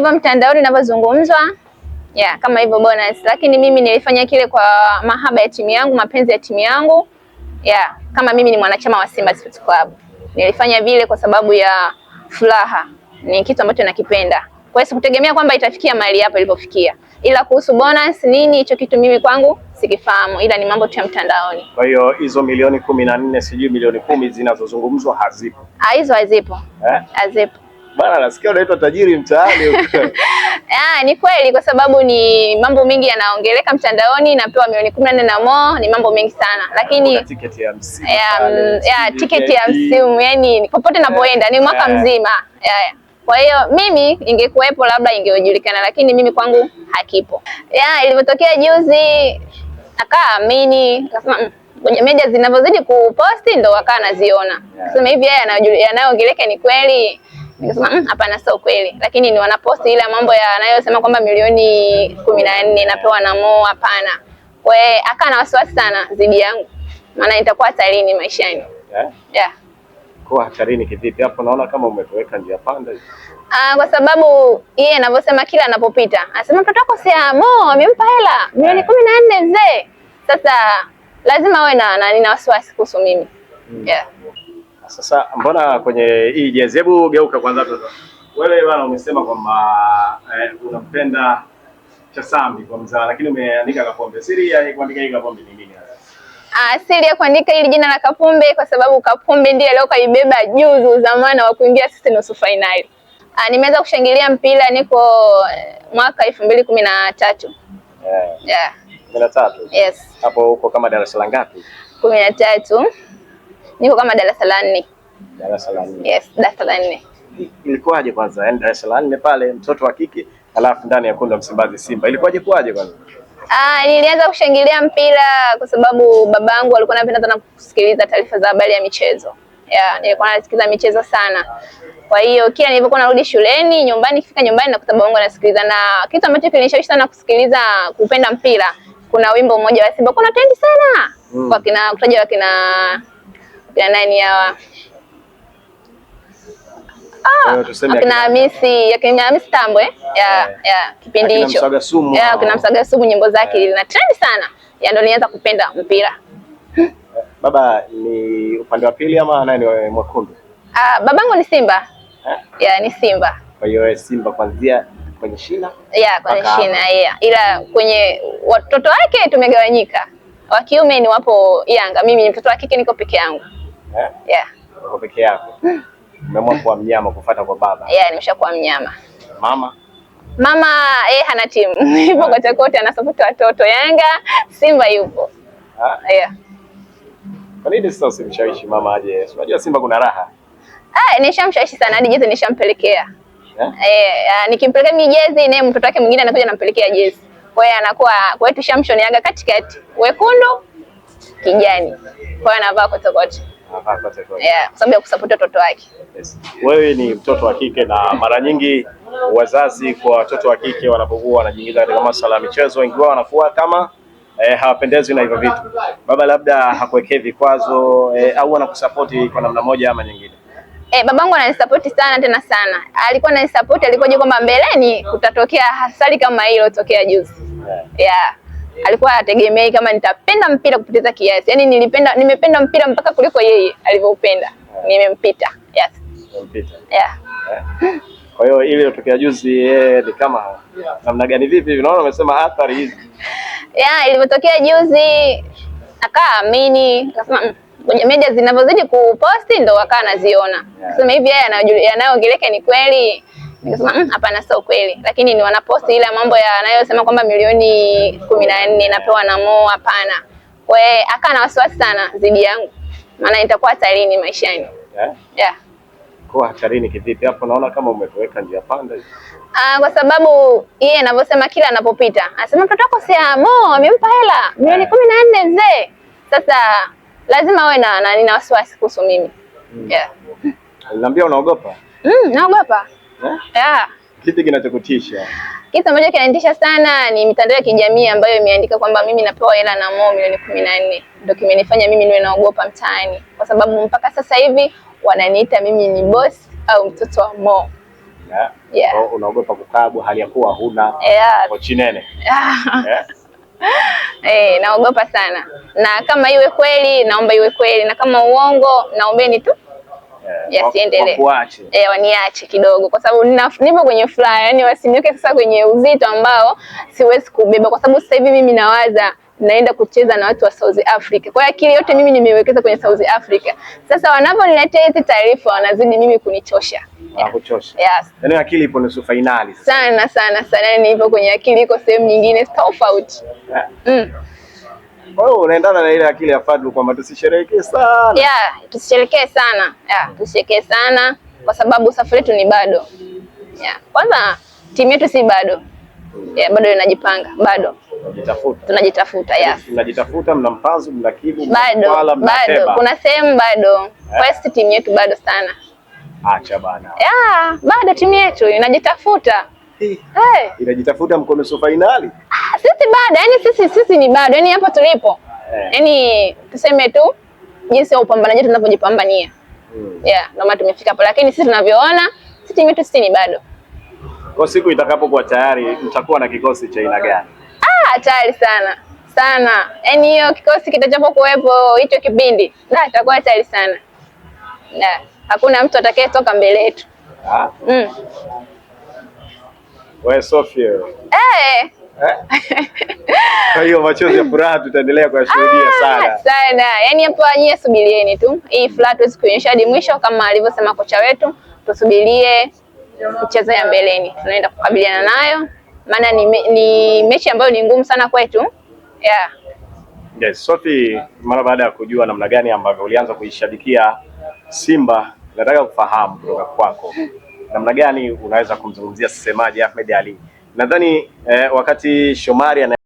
hivyo mtandaoni inavyozungumzwa yeah, kama hivyo bonus. Lakini mimi nilifanya kile kwa mahaba ya timu yangu, mapenzi ya timu yangu yeah, kama mimi ni mwanachama wa Simba Sports Club nilifanya vile kwa sababu ya furaha, ni kitu ambacho nakipenda. Kwa hiyo sikutegemea kwamba itafikia mahali hapa ilipofikia, ila kuhusu bonus nini, hicho kitu mimi kwangu sikifahamu, ila ni mambo tu ya mtandaoni. Kwa hiyo hizo milioni kumi na nne sijui milioni kumi zinazozungumzwa hazipo, ah, hizo hazipo, eh? hazipo. Bana, nasikia unaitwa tajiri mtaani. Ah, ni kweli kwa sababu ni mambo mengi yanaongeleka mtandaoni, napewa milioni kumi na nne na mo, ni mambo mengi sana, lakini tiketi ya msimu ya tiketi mm, ya msimu, yani popote napoenda ni mwaka eh. mzima. Kwa hiyo mimi ingekuwepo labda ingejulikana, lakini mimi kwangu hakipo. Ya, ilivyotokea juzi akaamini akasema kwenye mm, media zinavyozidi kuposti ndo wakaa naziona, yeah. Sema hivi haya yanayoongeleka ni kweli Nikasema mm, hapana, sio kweli, lakini ni wanaposti ile mambo ya anayosema kwamba milioni kumi na nne napewa na Mo, hapana. Kwa hiyo akawa na wasiwasi sana dhidi yangu, maana nitakuwa hatarini maishani. Eh? Yeah. Yeah. Kwa hatarini kivipi? Hapo naona kama umetoweka njia panda Ah, kwa sababu yeye anavyosema kila anapopita anasema mtoto wako si Mo amempa hela milioni eh. kumi na nne mzee. Sasa lazima awe na nani na wasiwasi kuhusu mimi. Mm. Yeah. Sasa mbona kwenye hii jezi, hebu geuka kwanza. Wewe bwana umesema kwamba eh, unampenda Chasambi kwa mzaa, lakini umeandika Kapombe. Siri ya kuandika hii Kapombe ni nini Ah, siri ya kuandika hili jina la Kapombe kwa sababu Kapombe ndiye leo kaibeba juzu zamana wa kuingia sisi nusu fainali. Ah, nimeanza kushangilia mpira niko eh, mwaka elfu mbili kumi na tatu. Yeah. Yeah. Kumi na tatu? Yes. Hapo uko kama darasa la ngapi? kumi na tatu niko kama darasa la nne. Darasa la nne. Yes, darasa la nne. Ilikuwaje kwanza? Yaani darasa la nne pale mtoto wa kike alafu ndani ya kundi la Msimbazi Simba. Ilikuwaje kuwaje kwanza? Ah, nilianza kushangilia mpira kwa sababu babangu alikuwa anapenda sana kusikiliza taarifa za habari ya michezo. Yeah, nilikuwa nasikiliza michezo sana. Kwa hiyo kila nilipokuwa narudi shuleni, nyumbani, kifika nyumbani nakuta babangu anasikiliza, na kitu ambacho kilinishawishi sana kusikiliza kupenda mpira, kuna wimbo mmoja wa Simba kuna trend sana mm, kwa kina kutaja wakina ya nani hawa Ah, akina Hamisi akina Hamisi Tambo ya, eh, ya kipindi hicho akina Msaga Sumu nyimbo zake lina eh. trend sana, ya ndo nilianza kupenda mpira. Baba ni upande wa pili ama nani mwekundu? Ah, babangu ni Simba eh? ya, ni Simba. Kwa hiyo Simba kwanzia kwenye shina ya kwenye shina ya, Ila kwenye watoto wake tumegawanyika, wa kiume ni wapo Yanga, mimi ni mtoto wa kike niko peke yangu. Eh? Yeah. Uko peke yako. Hmm. Umeamua kuwa mnyama kufuata kwa baba. Yeah, nimeshakuwa mnyama. Mama? Mama eh, hana timu. Yupo ah. kote kote anasapoti watoto. Yanga, Simba yupo. Ah? Yeah. Kwa nini sasa usimshawishi mama aje? Unajua Simba kuna raha. Ah, nishamshawishi sana hadi jezi nishampelekea. Eh, yeah. Eh, e, nikimpelekea mimi jezi naye mtoto wake mwingine anakuja anampelekea jezi. Kwa hiyo anakuwa kwa hiyo tushamshoniaga katikati. Wekundu, kijani. Kwa hiyo anavaa kote kote yeah, sababu ya kusapoti watoto wake. Yes. Wewe ni mtoto wa kike na mara nyingi wazazi kwa watoto wa kike wanapokuwa wanajiingiza katika masuala ya michezo, wengi wao wanakuwa kama eh, hawapendezwi na hivyo vitu. Baba labda hakuwekee vikwazo eh, au anakusapoti kwa namna moja ama nyingine? Eh, babangu ananisapoti sana tena sana, alikuwa ananisapoti, alikuwa jua kwamba mbeleni kutatokea hasari kama hilo tokea juzi. Yeah. Yeah alikuwa hategemei kama nitapenda mpira kupoteza kiasi. Yani nilipenda, nimependa mpira mpaka kuliko yeye alivyoupenda, nimempita yes. yeah. yeah. Kwa hiyo ile iliyotokea juzi yeye eh, ni kama namna gani? Vipi hivi, naona umesema athari hizi yeah, ilivyotokea juzi amini akasema mm, kwenye media zinavyozidi kuposti ndo akaa anaziona, Sema hivi yeye yanayoongeleka ni kweli Nikasema mm, hapana, sio kweli, lakini ni wanaposti ile mambo yanayosema kwamba milioni kumi na nne napewa na Mo. Hapana, we aka na wasiwasi sana zidi yangu, maana nitakuwa hatarini maishani eh? yeah. Yeah. Kwa hatarini kivipi? Hapo naona kama umetoweka njia panda Ah, kwa sababu yeye anavyosema kila anapopita anasema mtoto wako si Mo amempa hela milioni eh. kumi na nne mzee. Sasa lazima awe na nina wasiwasi kuhusu mimi. Mm. Yeah. Niliambia unaogopa? Mm, naogopa. Yeah. Kitu kinachokutisha? Kitu ambacho kinanitisha sana ni mitandao ya kijamii ambayo imeandika kwamba mimi napewa hela na Mo milioni kumi na nne. Ndio kimenifanya mimi niwe naogopa mtaani, kwa sababu mpaka sasa hivi wananiita mimi ni boss au mtoto wa Mo. Yeah. Yeah. So, unaogopa kukabu hali ya kuwa huna yeah. kochi nene yeah. Yeah. Hey, eh, naogopa sana, na kama iwe kweli naomba iwe kweli, na kama uongo naombeni tu Eh, yasiendelee, eh, waniache kidogo, kwa sababu nipo kwenye furaha, yani wasiniweke sasa kwenye uzito ambao siwezi kubeba, kwa sababu sasa hivi mimi nawaza naenda kucheza na watu wa South Africa. Kwa hiyo akili yote mimi nimeiwekeza kwenye South Africa. Sasa wanavyoniletea hizi taarifa wanazidi mimi kunichosha. Wanakuchosha. Yes. Yaani akili ipo nusu finali sasa. Sana sana sana, nipo yaani kwenye akili iko sehemu nyingine tofauti. Yeah. Mm. Kwa hiyo unaendana na ile akili ya Fadlu kwamba tusisherehekee sana. Yeah, tusisherehekee sana. Yeah, tusisherehekee sana kwa sababu safari yetu ni bado. Yeah. Kwanza timu yetu si bado. Yeah, bado inajipanga, bado. Tunajitafuta. Tunajitafuta, yes. Tunajitafuta, mna Mpanzu, mna Kibu, bado, mna bado. Kuna sehemu bado. First eh. timu yetu bado sana. Acha bana. Yeah, bado timu yetu inajitafuta hey. Inajitafuta mkono so finali. Ah, sisi bado yani sisi sisi ni bado yani hapa tulipo eh. yani hey. Tuseme tu jinsi ya upambanaji tunavyojipambania hmm. Yeah, ndio maana tumefika hapo, lakini sisi tunavyoona sisi timu yetu sisi ni bado. Kwa siku itakapokuwa tayari mtakuwa na kikosi cha aina gani? Ah, tayari sana sana yani hiyo kikosi kitachapokuwepo hicho kipindi na itakuwa tayari sana na hakuna mtu atakayetoka mbele yetu. Ah. Mm. Wewe Sofia. Eh. eh? Kwa hiyo machozi ya furaha tutaendelea kuyashuhudia ah, sana sana. Yaani hapo nyie subirieni tu, hii furaha tuwezi kuonyesha hadi mwisho, kama alivyosema kocha wetu, tusubirie michezo ya mbeleni, tunaenda kukabiliana nayo, maana ni, ni mechi ambayo ni ngumu sana kwetu yeah. Yes, Sophie, mara baada ya kujua namna gani ambavyo ulianza kuishabikia Simba, nataka kufahamu kutoka kwako namna gani unaweza kumzungumzia Semaji Ahmed Ally? Nadhani eh, wakati Shomari